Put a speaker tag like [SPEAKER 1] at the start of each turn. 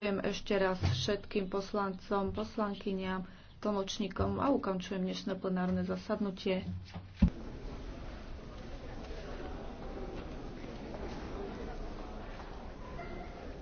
[SPEAKER 1] Ďakujem ešte raz všetkým poslancom, poslankyňam, tlmočníkom a ukončujem dnešné plenárne zasadnutie.